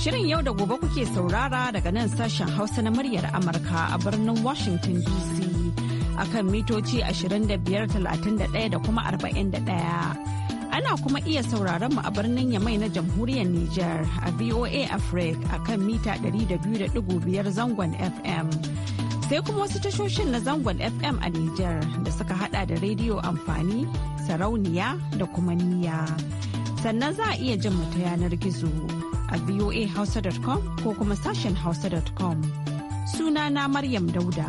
Shirin yau da gobe kuke saurara daga nan sashen Hausa na muryar Amurka a birnin Washington DC akan mitoci 25,31 da kuma 41. Ana kuma iya sauraron mu a birnin Yamai na jamhuriyar Nijar a VOA Africa akan mita 200.5 zangon FM. Sai kuma wasu tashoshin na zangon FM a Nijar da suka hada da rediyo amfani, sarauniya da kuma niya. Sannan za a iya jin mu ta yanar gizo. a voahausa.com ko kuma sashen hausa.com. na Maryam Dauda.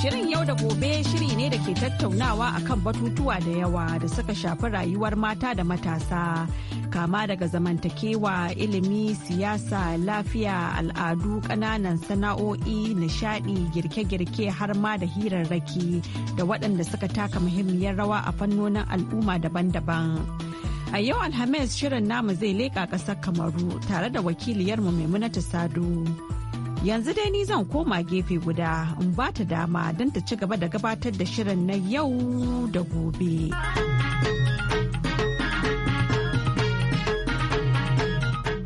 Shirin yau da gobe shiri ne da ke tattaunawa akan batutuwa da yawa da suka shafi rayuwar mata da matasa. kama daga zamantakewa ilimi siyasa lafiya al'adu kananan sana'o'i nishadi girke-girke har ma da hirarraki da waɗanda suka taka muhimmiyar rawa a fannonin al'umma daban-daban a yau alhamis shirin namu zai leƙa ƙasar kamaru tare da wakiliyarmu maimunatu sadu yanzu dai ni zan koma gefe guda in ba ta dama don ta ci gaba da gabatar da shirin na yau da gobe.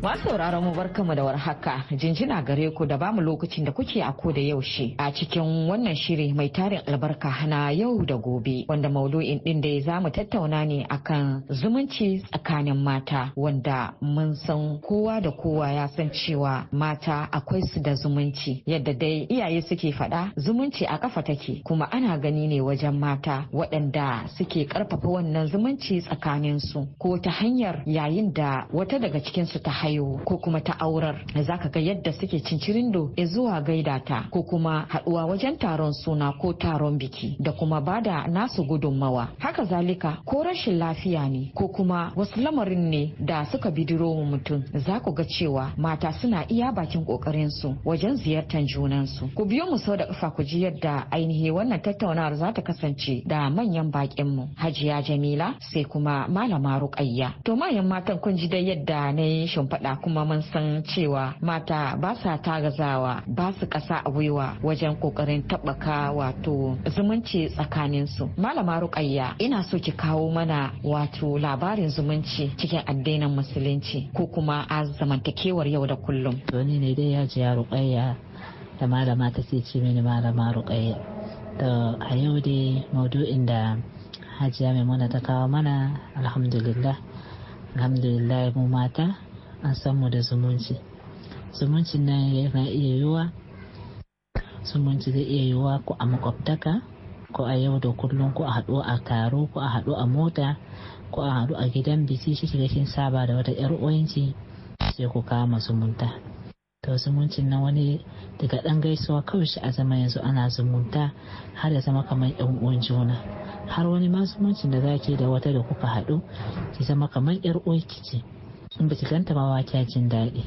Masu sauraron mu barkamu da warhaka jinjina gare ku da bamu lokacin da kuke a ko da yaushe a cikin wannan shiri mai tarin albarka na yau da gobe wanda maudu'in din da za mu tattauna ne akan zumunci tsakanin mata wanda mun san kowa da kowa ya san cewa mata akwai su da zumunci yadda dai iyaye suke faɗa zumunci a kafa take kuma ana gani ne wajen mata waɗanda suke ƙarfafa wannan zumunci tsakanin su ko ta hanyar yayin da wata daga cikinsu ta haihu haihu ko kuma ta aurar za ka ga yadda suke cincirindo ya zuwa gaida ta ko kuma haɗuwa wajen taron suna ko taron biki da kuma bada nasu gudunmawa haka zalika ko rashin lafiya ne ko kuma wasu lamarin ne da suka bidiro mutum za ku ga cewa mata suna iya bakin su wajen ziyartar junansu ku biyo mu sau da kafa ku ji yadda ainihi wannan tattaunawar za ta kasance da manyan mu hajiya jamila sai kuma malama ruƙayya to manyan matan kun ji dai yadda na yi shimfa faɗa kuma mun san cewa mata ba sa tagazawa ba su ƙasa a gwiwa wajen ƙoƙarin taɓaka wato zumunci tsakaninsu. Malama Rukayya ina so ki kawo mana wato labarin zumunci cikin addinin musulunci ko kuma a zamantakewar yau da kullum. To ni ne dai ya ji ya Rukayya da malama ta ce ce mini malama Rukayya. To a yau dai maudu'in da Hajiya Maimuna ta kawo mana alhamdulillah. Alhamdulillah mu mata a samu da zumunci zumuncin nan yana iya yiwuwa zumunci zai iya yiwuwa ko a makwabtaka ko a yau da kullum ko a haɗu a taro ko a haɗu a mota ko a haɗu a gidan biki shi shiga kin saba da wata yar uwanci sai ku kama zumunta to zumuncin nan wani daga ɗan gaisuwa kawai shi a zama yanzu ana zumunta har ya zama kamar yan uwan juna har wani ma zumuncin da za ke da wata da kuka haɗu ki zama kamar yar uwanki Sun baki ganta ma kya jin daɗi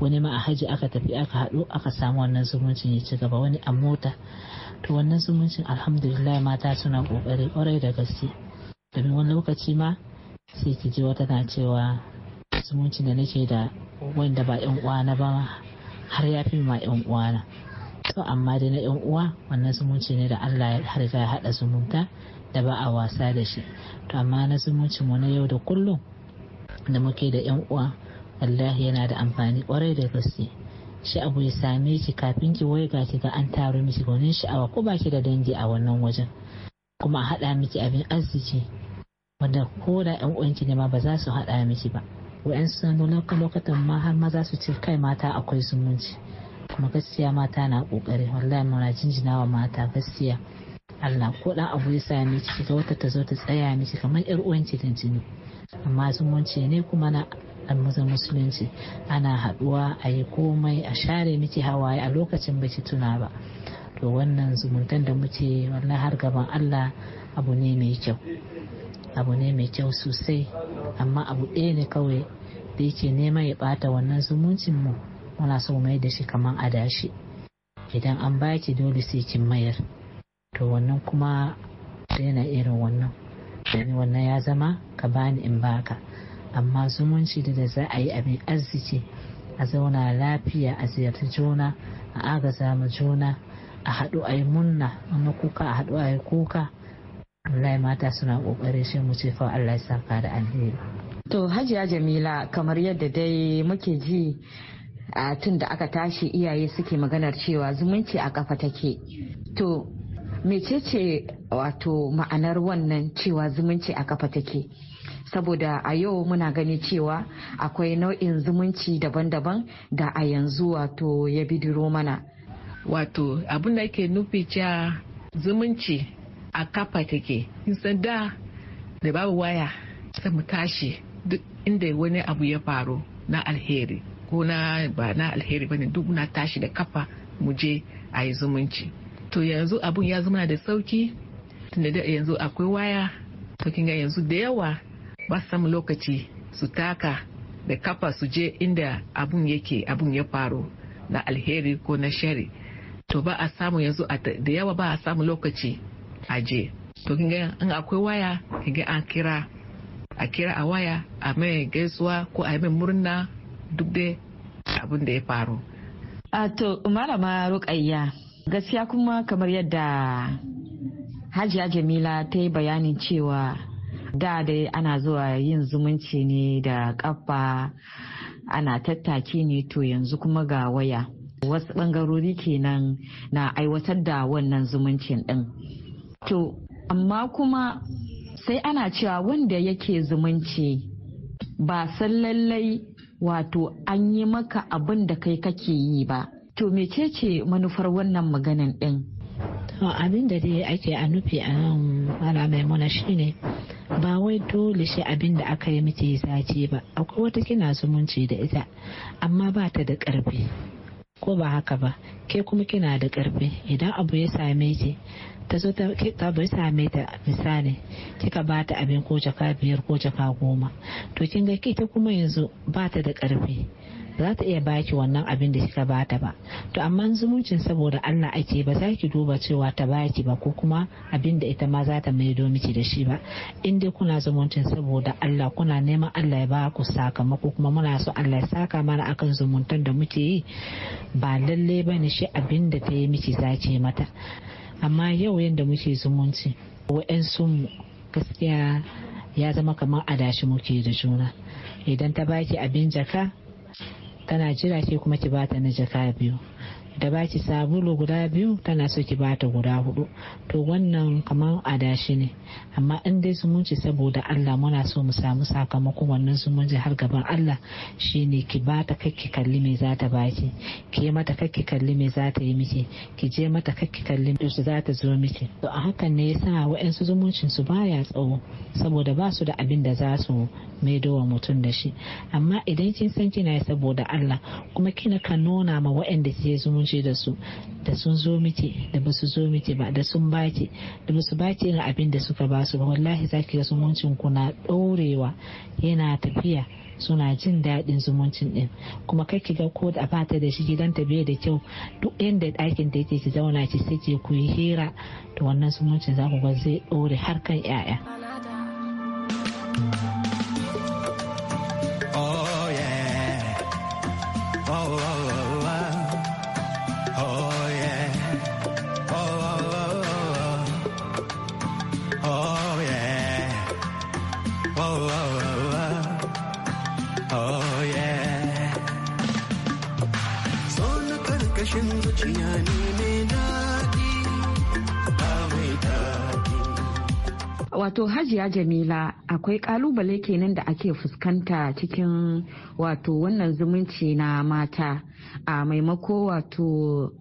wani ma a haji aka tafi aka haɗu aka samu wannan zumuncin ya ci gaba wani a mota to wannan zumuncin alhamdulillah mata suna ƙoƙari ƙwarai da gaske domin wani lokaci ma sai ki ji wata na cewa zumuncin da nake da wanda ba yan uwana ba har ya fi ma yan uwana to amma dai na yan uwa wannan zumunci ne da Allah ya riga ya haɗa zumunta da ba a wasa da shi to amma na zumuncin mu na yau da kullum da muke da yan uwa wallahi yana da amfani kwarai da gaske shi abu ya same ki kafin ki waiga ki ga an taro miki gonin sha'awa ko baki da dangi a wannan wajen kuma a haɗa miki abin arziki wanda ko da yan uwanki ne ma ba za su haɗa miki ba wa'yan nan lokacin lokacin ma har maza su ce kai mata akwai zumunci kuma gaskiya mata na kokari wallahi muna jinjinawa mata gaskiya Allah ko ɗan abu ya same ciki ga wata ta zo ta tsaya miki kamar yar uwan ta jini amma zumunci ne kuma na almuzan musulunci ana haɗuwa a yi komai a share miki hawaye a lokacin baki tuna ba to wannan zumuntan da muke wannan har gaban Allah abu ne mai kyau abu ne mai kyau sosai amma abu ɗaya ne kawai da yake nema ya ɓata wannan zumuncin mu muna so mai da shi kamar adashi idan an baki dole sai kin mayar to wannan kuma daina irin wannan wani wannan ya zama ka bani in baka amma zumunci da za a yi abin arziki a zauna lafiya a ziyarci juna a agaza ma juna a haɗu a yi munna na kuka a haɗu a yi kuka wallahi mata suna ƙoƙari shi mu ce fa Allah ya saka da alheri to hajiya jamila kamar yadda dai muke ji a tun da aka tashi iyaye suke maganar cewa zumunci a kafa take to mecece wato ma'anar wannan cewa zumunci a kafa take saboda a yau muna gani cewa akwai nau'in zumunci daban-daban da a yanzu wato ya bidiro mana wato abin da ke nufi cewa zumunci a kafa take san da da babu waya sai mu tashi duk inda wani abu ya faru na alheri ko na ba na alheri ne duk muna tashi da kafa mu je a yi zumunci to yanzu abun ya zama da sauki tunda da yanzu akwai waya to ga yanzu da yawa ba su samu lokaci su taka da kafa su je inda abun yake abun ya faru na alheri ko na shari to ba a samu yanzu da yawa ba a samu lokaci a je to ga in akwai waya ga an kira a kira a waya a mai gaisuwa ko a mai murna duk da abun da ya faru a to malama rukayya Gaskiya kuma kamar yadda Hajiya Jamila ta yi bayanin cewa da dai ana zuwa yin zumunci ne da kafa ana tattaki ne to yanzu kuma ga waya. Wasu bangarori kenan na aiwatar da wannan zumuncin din. To, amma kuma sai ana cewa wanda yake zumunci ba san lallai wato an yi maka abin da kai kake yi ba To ce manufar wannan maganin ɗin? abin da dai ake a nufi a nan mara maimuna shine ba wai dole shi abin da aka yi miki zace ba akwai wata kina zumunci da ita amma ba ta da ƙarfi ko ba haka ba ke kuma kina da ƙarfi idan abu ya same ki ta zo ta bai same ta misali kika ba ta abin ko jaka biyar ko jaka goma to kin ga ita kuma yanzu ba ta da karfi za ta iya baki wannan abin da kika bata ba to amma zumuncin saboda Allah ake ba za ki duba cewa ta baki ba ko kuma abin da ita ma za ta do miki da shi ba in dai kuna zumuncin saboda Allah kuna neman Allah ya ba ku sakamako kuma muna so Allah ya saka mana akan zumuntan da muke yi ba lalle bane shi abin da ta yi miki za mata amma yau yadda muke zumunci wa'yansu mu gaskiya ya zama kamar adashi muke da juna idan ta baki abin jaka tana jira ke kuma ki bata na jaka biyu da ki sabulu guda biyu tana so ki bata guda hudu to wannan kamar adashi ne amma in dai zumunci saboda Allah muna so mu samu sakamakon wannan zumunci har gaban Allah shine ki bata kakki kalli me za ta baki ki yi mata kakki kalli me za ta yi miki ki je mata kakki kalli me za ta zo miki to a hakan ne yasa wa'ansu zumuncin su baya tsawo saboda ba su da abin da za su maido wa mutum da shi amma idan kin san kina saboda Allah kuma kina ka nuna ma wa'anda ke zumunci kunshi da su da sun zo miki da ba su zo miki ba da sun baki da ba su baki irin abin da suka ba su ba wallahi zaki ga zumuncin ku na ɗorewa yana tafiya suna jin daɗin zumuncin ɗin kuma kai ki ga ko da bata da shi gidanta bai da kyau duk inda ɗakin da yake ki zauna ki sake ku yi hira da wannan zumuncin za ku ga zai ɗore har kan 'ya'ya. wato hajiya jamila akwai kalubale kenan da ake fuskanta cikin wato wannan zumunci na mata a maimako wato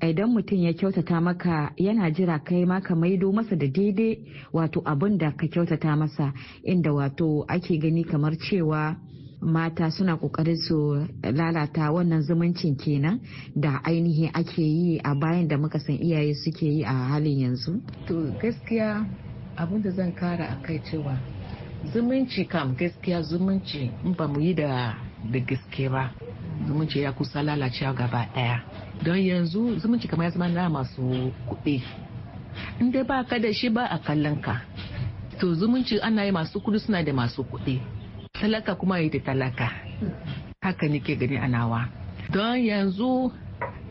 idan mutum ya kyautata maka yana jira kai ma ka maido masa da daidai wato abin da ka kyautata masa inda wato ake gani kamar cewa mata suna kokarin su lalata wannan zumuncin kenan da ainihin ake yi a bayan da muka san iyaye suke yi a halin yanzu to gaskiya abin da zan kara a kai cewa zumunci kam gaskiya zumunci in ba mu yi da gaske ba zumunci ya kusa lalacewa gaba daya don yanzu zumunci kamar ya zama na masu kuɗi in dai ba ka da shi ba a kallon ka to zumunci ana yi masu kudi suna da masu kuɗi talaka kuma yi da talaka haka nake gani a nawa don yanzu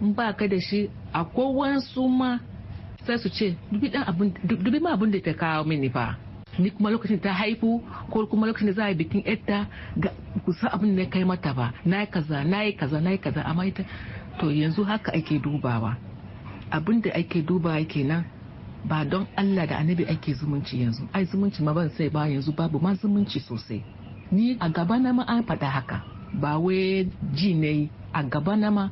in ba ka da shi akwai wasu ma sai su ce dubi ma abin da ta kawo mini ba. ni kuma lokacin ta haifu ko kuma lokacin da za a bikin yadda ga kusa abin da kai mata ba na yi kaza na yi kaza na yi kaza amma ita to yanzu haka ake dubawa abin da ake duba kenan ba don Allah da annabi ake zumunci yanzu ai zumunci ma ban sai ba yanzu babu ma zumunci sosai ni a gaba na ma an faɗa haka ba wai ji ne a gaba na ma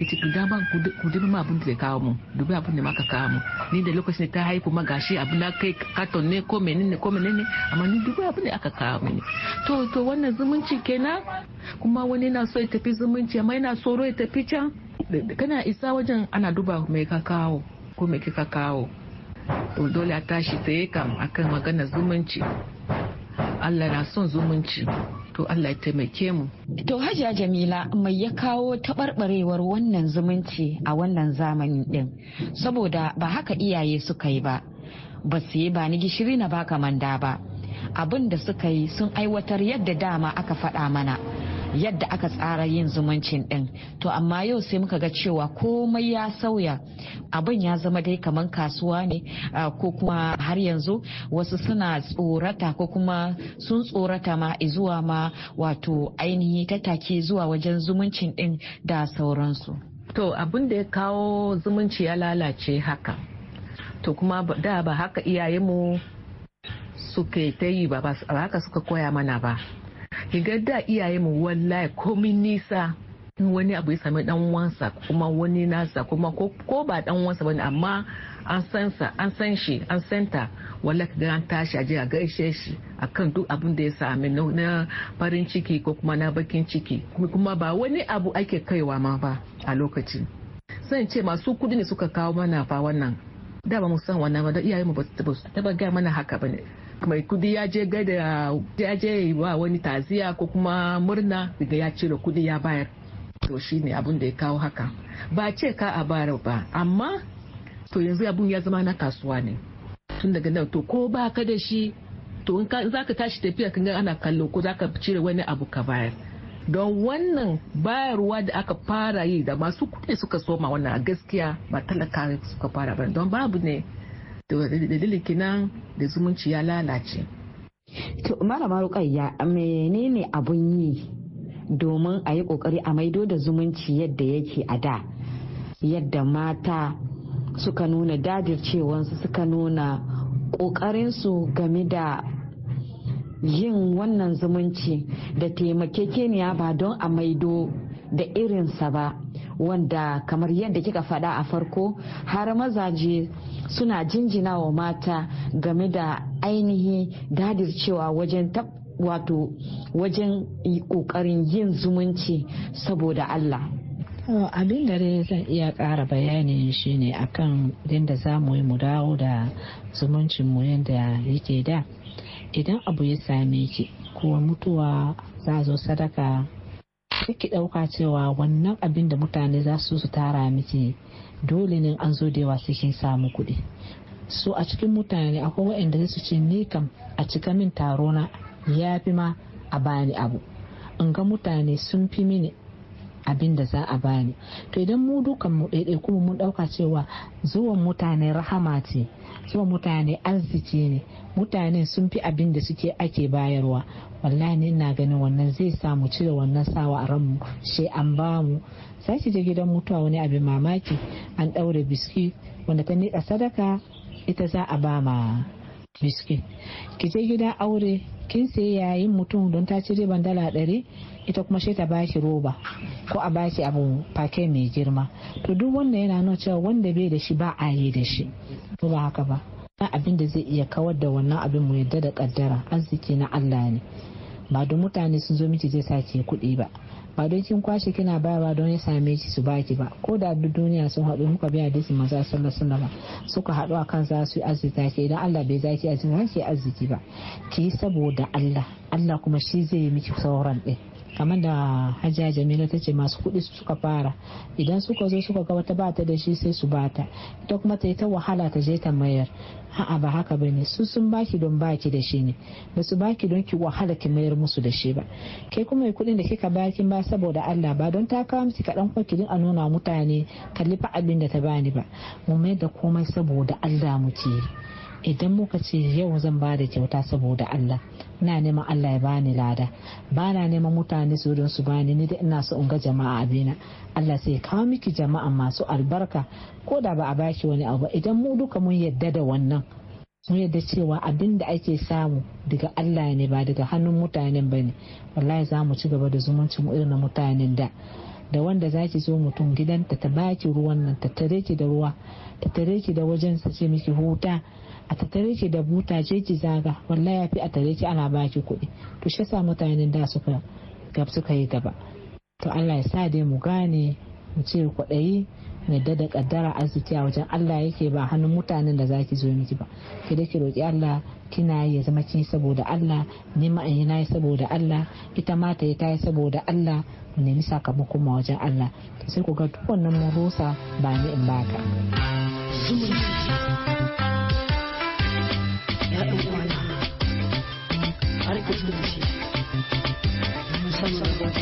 yace ku dama ku dubi ma abin da ya kawo mu dubi abin da maka kawo mu ni da lokacin ta haihu ma gashi abin da kai katon ne ko menene ko menene amma ni dubi abin da aka kawo mini to to wannan zumunci kenan kuma wani na so ya tafi zumunci amma yana tsoro ya tafi can kana isa wajen ana duba mai ka kawo ko mai kika kawo to dole a tashi tsaye kam akan maganar zumunci Allah na son zumunci to Allah ya taimake mu. To Hajiya Jamila mai ya kawo taɓarɓarewar wannan zumunci a wannan zamani ɗin saboda ba haka iyaye suka yi ba ba su yi ba ni gishiri na baka manda ba abin da suka yi sun aiwatar yadda dama aka faɗa mana yadda aka tsara yin zumuncin din to amma yau sai muka ga cewa komai ya sauya abin ya zama dai kamar kasuwa ne ko kuma har yanzu wasu suna tsorata ko kuma sun tsorata ma zuwa ma wato ainihi take zuwa wajen zumuncin din da sauransu to abin da ya kawo zumunci ya lalace haka to kuma da ba haka iyayenmu suke ta yi ba haka suka koya mana ba kiga da iyaye mu wallahi komi nisa in wani abu ya sami dan wansa kuma wani nasa kuma ko ba dan wansa bane amma an san sa an san shi an san ta ka ga an tashi aje a gaishe shi akan duk abin da ya sami na farin ciki ko kuma na bakin ciki kuma ba wani abu ake kaiwa ma ba a lokacin zan ce masu kudi ne suka kawo mana fa wannan da ba mu san wannan ba da iyaye mu ba su taba gaya mana haka bane mai kudi ya je gaida ya je wa wani taziya ko kuma murna daga ya cire kudi ya bayar to ne abin da ya kawo haka ba ce ka a bayar ba amma to yanzu abun ya zama na kasuwa ne tun daga nan to ko ba ka da shi to in za ka tashi tafiya kan ga ana kallo ko za ka cire wani abu ka bayar don wannan bayarwa da aka fara yi da masu kuɗi suka soma wannan a gaskiya ba talaka suka fara ba don babu ne dalilin kinan da zumunci ya lalace to malama rukayya menene abun yi domin a yi kokari a maido da zumunci yadda yake a da yadda mata suka nuna dajircewansu suka nuna kokarinsu game da yin wannan zumunci da taimake taimakekeniya ba don a maido da irinsa ba wanda kamar yadda kika faɗa a farko har mazaje suna jinjina wa mata game da ainihin dadircewa wajen tab wato wajen kokarin yin zumunci saboda Allah. abin da dai zan iya ƙara bayani shi shine akan yadda za mu yi mu dawo da zumuncinmu yadda yake da idan abu ya same ki kuwa mutuwa za zo sadaka ki ɗauka cewa wannan abin da mutane za su su tara miki dole ne an zo da yawa sai kin samu kuɗi so a cikin mutane akwai waɗanda su ce ni kam a cika min taro na ya fi ma a bani abu in ga mutane sun fi mini abin da za a bani to idan mu dukan mu ɗaiɗai kuma mun ɗauka cewa zuwan mutane rahama ce zuwan mutane arziki ne mutane sun fi abin da suke ake bayarwa wallahi ne ina ganin wannan zai samu mu cire wannan sawa a ranmu shi an ba mu sai je gidan mutuwa wani abin mamaki an ɗaure biski wanda ta nika sadaka ita za a ba ma biski ki je gidan aure kin sai yayin mutum don ta ci riban dala ɗari ita kuma sai ta baki roba ko a baki abu fake mai girma to duk wanda yana nuna cewa wanda bai da shi ba a yi da shi to ba haka ba abin da zai iya kawar da wannan abin mu yadda da kaddara arziki na Allah ne ba don mutane sun zo miki zai sace kuɗi ba ba don kin kwashe kina bayarwa don ya same ki su baki ba ko da duk duniya sun haɗu muka biya su maza sallallahu alaihi suka haɗu akan za su yi arziki ke idan Allah bai zaki arziki cikin ki arziki ba ki saboda Allah Allah kuma shi zai yi miki sauran ɗin kamar da hajiya jamila ta ce masu kuɗi suka fara idan suka zo suka ga wata bata da shi sai su bata ita kuma ta yi ta wahala ta je ta mayar a'a ba haka ba ne su sun baki don baki da shi ne ba su baki don ki wahala ki mayar musu da shi ba ke kuma mai kuɗin da kika baki ba saboda Allah ba don ta kawo musu kaɗan kuma ki a nuna mutane kalli fa abin da ta bani ba mu mayar da komai saboda Allah mu ci idan muka ce yau zan ba da kyauta saboda Allah ina neman Allah ya bani lada ba na neman mutane su don su bani ni da ina so in ga jama'a abina Allah sai kawo miki jama'a masu albarka ko da ba a baki wani abu idan mu duka mun yadda da wannan mun yadda cewa abin da ake samu daga Allah ne ba daga hannun mutanen ba ne wallahi za mu ci gaba da zumuncin irin mutanen da da wanda za ki zo mutum gidanta ta baki ruwan nan ta tare ki da ruwa ta tare ki da wajen sa ce miki huta a ta tare ki da buta ce ki zaga wallahi ya fi a tare ki ana baki kuɗi to shi sa mutanen da suka gab suka yi gaba to Allah ya sa dai mu gane mu ce kwaɗayi yadda da kaddara arziki a wajen Allah yake ba hannun mutanen da zaki zo miki ba ki da ki roki Allah kina ya zama kin saboda Allah ni ma in yi saboda Allah ita ma ta yi ta yi saboda Allah mu nemi sakamako ma wajen Allah sai ku ga duk wannan mun rusa ba ni in baka Thank you.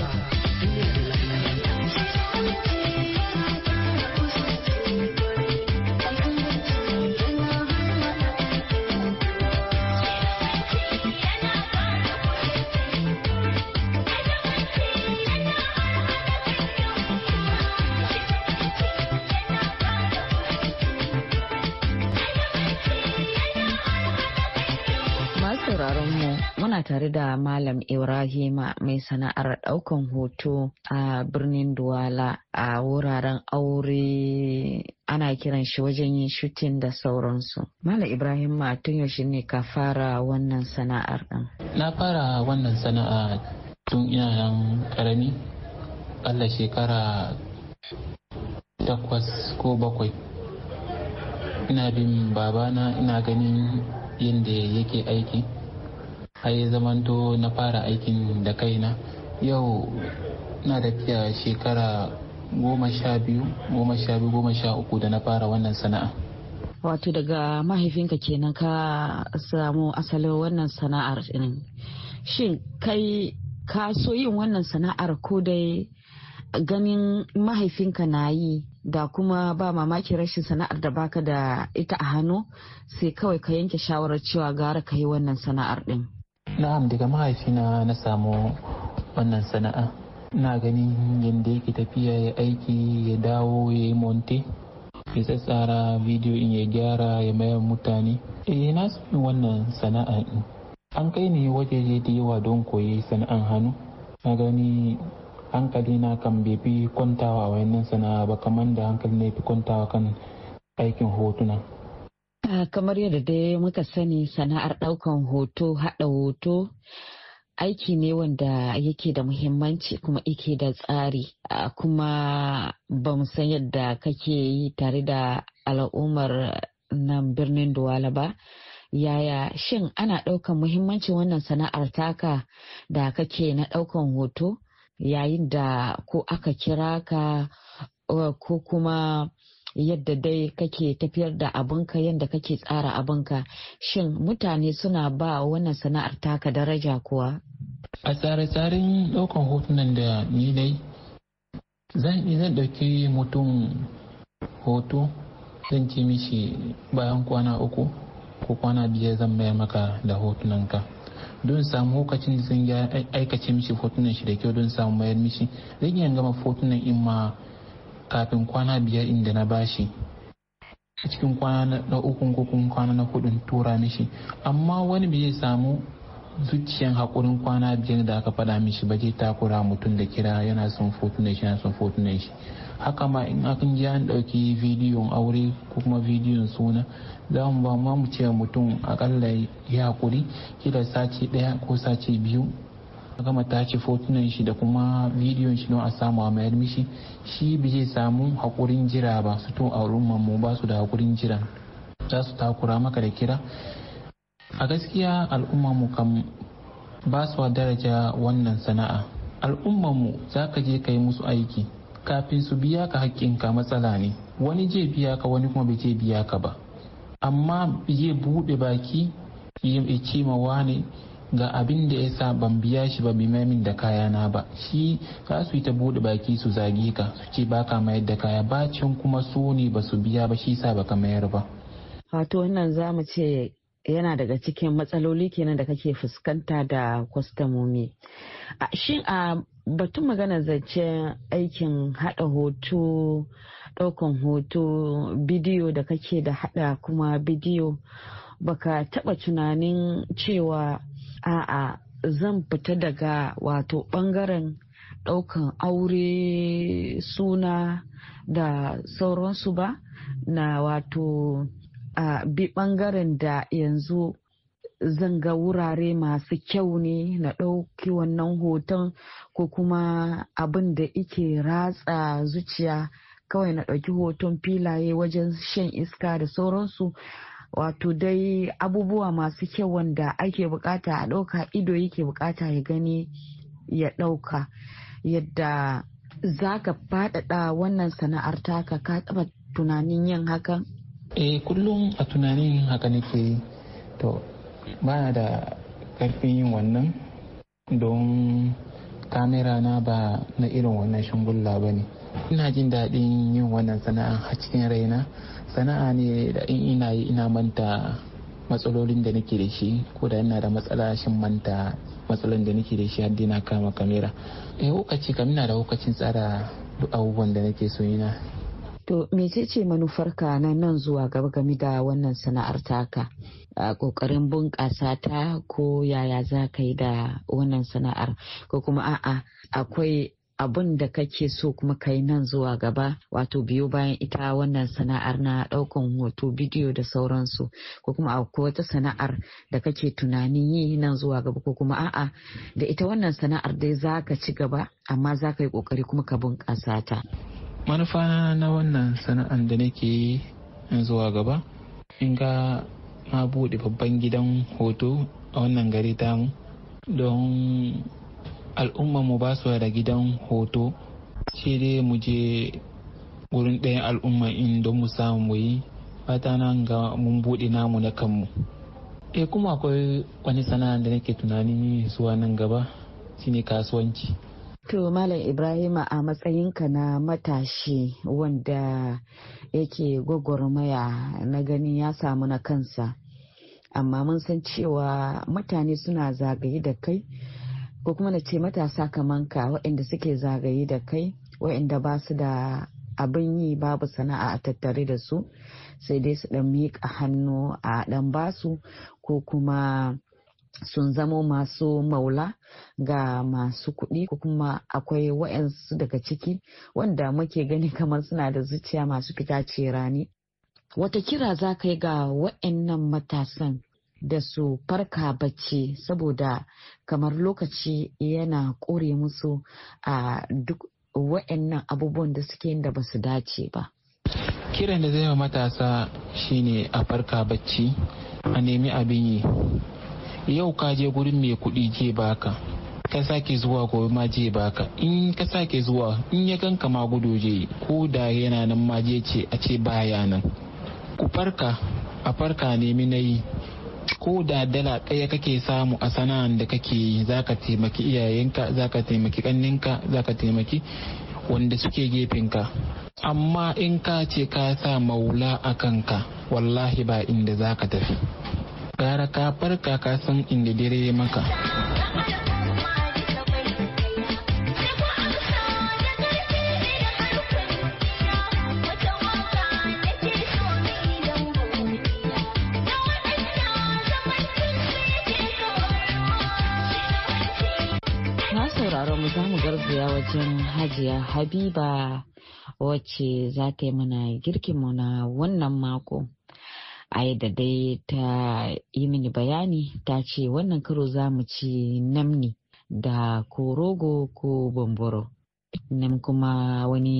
sauraron mu muna tare da Malam Ibrahima mai sana'ar daukan hoto a birnin Duwala a wuraren aure ana kiran shi wajen yin shutin da sauransu. Malam Ibrahima tun yaushe ne ka fara wannan sana'ar ɗin? Na fara wannan sana'a tun ina nan ƙarami, shekara takwas ko bakwai. Ina bin babana ina ganin yadda yake aiki. har zamanto na fara aikin da kaina yau na da shekara goma sha biyu goma sha biyu goma sha uku da na fara wannan sana'a wato daga mahaifinka kenan ka samu asalin wannan sana'ar ɗin shin kai ka so yin wannan sana'ar ko dai ganin mahaifinka na yi da kuma ba mamaki rashin sana'ar da baka da ita a hannu sai kawai ka yanke shawarar cewa gara ka yi wannan sana'ar ɗin na'am daga mahaifina na samu wannan sana'a na ganin yadda yake tafiya ya aiki ya dawo ya yi monte ya tsatsara bidiyo in ya gyara ya mayar mutane eh na sami wannan sana'a in an kai ne wajeje da yawa don koyi sana'an hannu na gani hankali na kan bebi kwantawa wayannan sana'a ba kamar da hankali na fi kwantawa kan aikin hotuna kamar yadda dai muka sani sana'ar ɗaukan hoto haɗa hoto aiki ne wanda yake da muhimmanci kuma yake da tsari kuma ba mu san yadda kake yi tare da al'ummar nan birnin duwala ba yaya shin ana ɗaukan muhimmanci wannan sana'ar taka da kake na ɗaukan hoto yayin da ko aka kira ka ko kuma yadda dai kake tafiyar da abinka yadda kake tsara abinka shin mutane suna ba wannan sana'ar taka daraja kuwa a tsare-tsaren ɗaukan hotunan da ni dai zan zan ɗauki mutum hoto zan ce mishi bayan kwana uku ko kwana biyar zan bayar maka da hotunanka don samu lokacin da zan aikace mishi hotunan shi da kyau don samu mayar mishi zan iya gama hotunan in ma kafin kwana biyar inda na bashi a cikin kwana na ukun ko kwana na kudin tura mishi amma wani bai samu zuciyan hakurin kwana biyar da aka faɗa mishi ba zai takura mutum da kira yana son fotunan shi yana son fotunan shi haka ma in akan ji an ɗauki bidiyon aure ko kuma bidiyon suna za mu ba mu ce mutum akalla ya hakuri kila sace ɗaya ko sace biyu gama tace fotunan shi da kuma bidiyon shi don a samu a mayar mishi shi bi zai samu haƙurin jira ba su tun a mu ba su da haƙurin jira za su takura maka da kira a gaskiya mu kam ba su daraja wannan sana'a mu za ka je ka yi musu aiki kafin su biya ka haƙƙinka matsala ne wani je biya ka wani kuma bai biya ka ba amma zai buɗe baki ya ce ma wane ga abin da ya sa ban biya shi ba bimamin da kaya na ba shi za su yi ta bude baki su zage ka su ce baka mayar da kaya bacin kuma su ne ba su biya ba shi sa baka mayar ba wato wannan za mu ce yana daga cikin matsaloli kenan da kake fuskanta da kwastamomi shi a batun magana zance aikin hada hoto daukan hoto bidiyo da kake da hada kuma bidiyo baka taba tunanin cewa a'a zan fita daga wato bangaren daukan aure suna da sauransu ba na wato a bi bangaren da yanzu zan ga wurare masu kyau ne na ɗauki wannan hoton ko kuma abin da ike ratsa zuciya kawai na ɗauki hoton filaye wajen shan iska da sauransu wato dai abubuwa masu kyau wanda ake bukata a ɗauka ido yake bukata ya gani ya ɗauka yadda za ka faɗaɗa wannan sana'ar taka ka taɓa tunanin yin hakan? eh kullum a tunanin haka nake yi to ba da ƙarfin yin wannan don kamera na ba na irin wannan shingulla ba ne ina jin daɗin yin wannan sana'a a cikin raina sana'a ne da in ina yi ina manta matsalolin da nake da shi ko da ina da matsala shin manta matsalolin da nake da shi har na kama kamera eh lokaci kam ina da lokacin tsara duk abubuwan da nake so ina to mece ce manufarka na nan zuwa gaba game da wannan sana'ar taka ƙoƙarin bunƙasa ta ko yaya za ka yi da wannan sana'ar ko kuma a'a akwai abun da kake so kuma ka yi nan zuwa gaba wato biyo bayan ita wannan sana'ar na ɗaukan hoto bidiyo da sauransu ko kuma akwai wata sana'ar da kake tunanin yi nan zuwa gaba ko kuma a'a da ita wannan sana'ar dai za ka ci gaba amma za ka yi kokari kuma ka bunƙasa ta manufa na wannan sana'ar da nake yi zuwa gaba in ga ma buɗe babban gidan hoto a wannan gari tamu don al'umma mu ba su da gidan hoto shi dai mu je wurin ɗayan al'umma in don mu samu mu yi fata nan ga mun buɗe namu na kanmu e kuma akwai wani sana'a da nake tunanin zuwa nan gaba shine kasuwanci To Malam Ibrahima a matsayinka na matashi wanda yake gwagwarmaya na gani ya samu na kansa amma mun san cewa mutane suna zagaye da kai ko kuma na ce matasa kaman ka waɗanda suke zagaye da kai waɗanda ba su da abin yi babu sana'a a tattare da su sai dai su ɗan miƙa hannu a ɗan basu ko kuma sun zamo masu maula ga masu kuɗi ko kuma akwai waɗansu daga ciki wanda muke gani kamar suna da zuciya masu fita ce rani wata kira za ka yi ga wa'annan matasan da su farka bacci saboda kamar lokaci yana kore musu a duk wa'annan abubuwan da suke da ba su dace ba. Kiran da zai wa matasa shine a farka bacci a nemi abin yi. Yau ka je gurin mai kuɗi je baka, ka sake zuwa gobe ma je baka, in ka sake zuwa in ya ganka ma gudu je ko da yana nan ma je ce a ce baya nan. ku farka a farka nemi na yi ko da dala ɗaya kake samu a sana'an da kake yi za ka taimaki iyayenka za ka taimaki ƙanninka za ka taimaki wanda suke gefenka amma in ka ce ka sa maula a kanka wallahi ba inda za ka tafi gara ka farka ka san inda dare maka za mu garzaya wajen hajiya habiba wacce za ta yi mana girkinmu na wannan mako ai da dai ta yi mini bayani ta ce wannan karo za mu ci namni da ko rogo ko bamboro nan kuma wani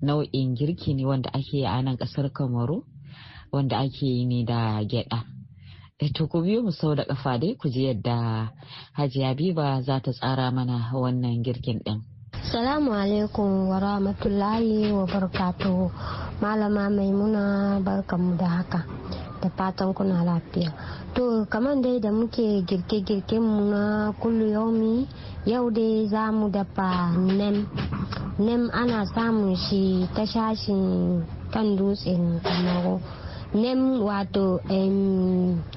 nau'in girki ne wanda ake a nan kasar kamaru wanda ake yi ne da gyada Eh, to ku biyo mu sau da kafa dai ku ji yadda hajiya biba za ta tsara mana wannan girkin din salamu alaikum wa rahmatullahi wa barkatu malama maimuna barkanmu da haka da fatan kuna lafiya to kamar dai da muke girke-girken mu na kullu yaumi yau dai za mu dafa nem nem ana samun shi ta shashin kan dutsen kamaru nem wato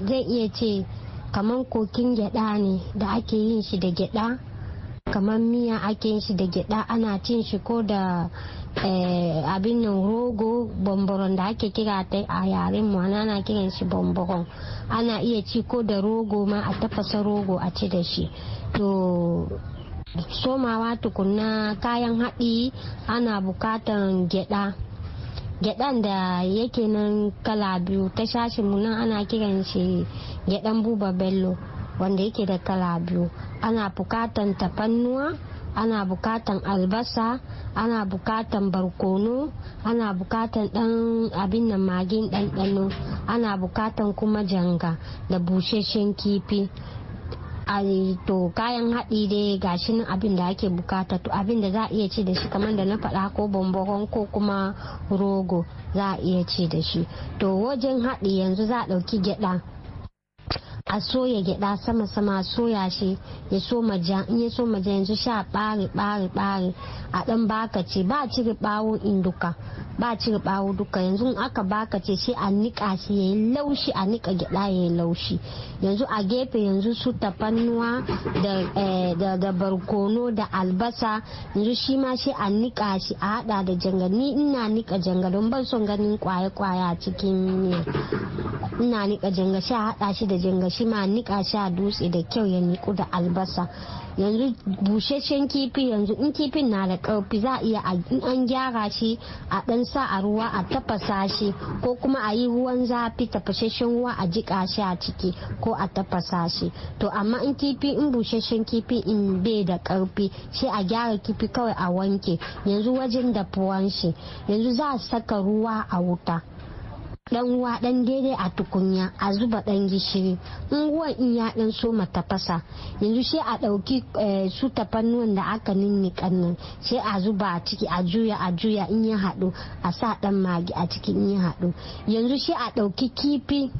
zai iya ce kamar kokin gyada ne da ake yin shi da gyada kamar miya ake yin shi da gyada ana cin shi ko da eh, abin nan rogo bambaron da ake kira ta a yaren mu ana kiran shi bambaron ana iya ci ko da rogo ma a tafasa rogo a ci da shi to somawa tukunna kayan haɗi ana bukatan gyada gyaɗan da yake nan kala biyu ta shashin mu nan ana kiran shi gyaɗan buba bello wanda yake da kala biyu ana bukatan tafannuwa ana bukatan albasa ana bukatan barkono ana bukatan dan abin nan magin ɗanɗano ana bukatan kuma janga da busheshen kifi a to kayan haɗi dai gashi nan abin da ake bukata to abin da za a iya ci da shi kamar da na faɗa ko bambaron ko kuma rogo za a iya ci da shi to wajen haɗi yanzu za a ɗauki gyaɗa a soya gyada sama sama soya shi ya so maja in ya so maja yanzu sha bare bare bare a dan baka ce ba cire bawo in duka ba cire bawo duka yanzu aka baka ce sai a nika shi yayi laushi a nika gyada yayi laushi yanzu a gefe yanzu su tafannuwa eh, da da barkono da albasa yanzu shi ma sai a nika shi a hada da jangani ina nika jangal don ban son ganin kwaye kwaya a cikin ina nika jangal shi a hada shi da jangal ma nika shi a dutse da kyau ya niku da albasa yanzu busheshen kifi yanzu in kifin na da karfi za a iya an gyara shi a dan sa a ruwa a tafasa shi ko kuma a yi ruwan zafi tafasheshen ruwa a jika shi a ciki ko a tafasa shi to amma in kifi in busheshen kifi in bai da karfi shi a gyara kifi kawai a wanke yanzu wajen dafuwan shi yanzu za a saka ruwa a wuta dan uwa dan daidai a tukunya a zuba dan gishiri in ruwan in ya dan so tafasa yanzu sai a dauki eh, su tafannuwan da aka ninni nan sai a zuba a ciki a juya a juya in ya haɗu a sa dan magi a ciki in ya haɗu yanzu sai a dauki kifi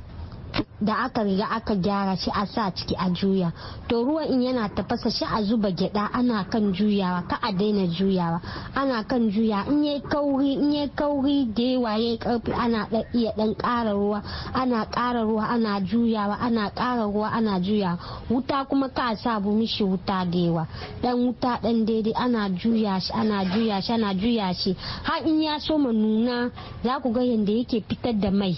da aka riga aka gyara shi a sa ciki a juya to ruwan in yana tafasa shi a zuba gyada ana kan juyawa ka a daina juyawa ana kan juya in yayi kauri in yayi kauri da yawa yayi karfi ana iya dan ƙara ruwa ana ƙara ruwa ana juyawa ana ƙara ruwa ana juya wuta kuma ka sa bu mishi wuta da yawa dan wuta dan daidai ana juya shi ana juya shi ana juya shi har in ya soma nuna za ku ga yanda yake fitar da mai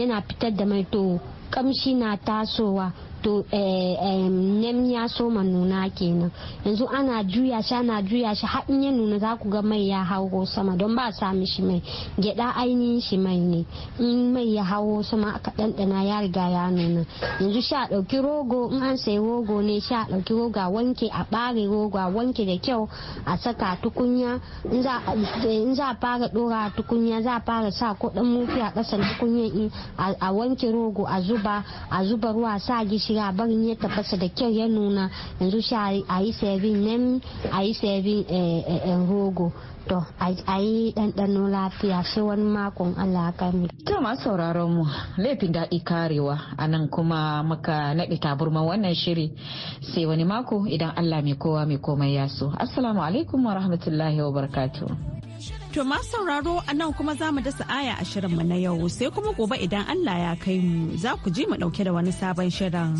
yana fitar da mai to kamshi na tasowa to eh, eh, nem ya soma nuna kenan yanzu ana juya shi ana juya shi har in ya nuna za ku ga mai ya hawo sama don ba sami shi mai gyada ainihin shi mai ne in mai ya hawo sama aka ɗanɗana ya riga ya nuna yanzu sha ɗauki rogo in an sayi rogo ne sha ɗauki rogo a wanke a ɓare rogo a wanke da kyau a saka tukunya in za a fara ɗora tukunya za a fara sa ko ɗan mufi a ƙasan tukunya a wanke rogo a zuba a zuba ruwa sa gishiri sai barin ya tabbasa da kyau ya nuna yanzu sha a yi sabin nem a yi sabin eh, eh, eh, rogo to a yi ɗanɗano lafiya sai wani makon Allah ka mu. To masu sauraron mu laifin daɗi karewa a nan kuma muka naɗe taburman wannan shiri sai wani mako idan Allah mai kowa mai komai ya so. Assalamu alaikum wa rahmatullahi wa To masu sauraro a nan kuma za mu dasa aya a shirin mu na yau sai kuma gobe idan Allah ya kai mu za ku ji mu ɗauke da wani sabon shirin.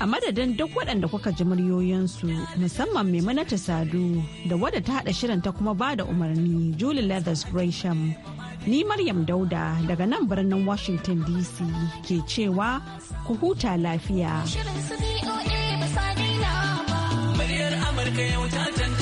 a madadin duk waɗanda kuka ji muryoyinsu musamman mai maimunata sadu da wadda ta haɗa shirin ta kuma ba da umarni julie leathers gresham ni maryam dauda daga nan birnin washington dc ke cewa ku huta lafiya Shirin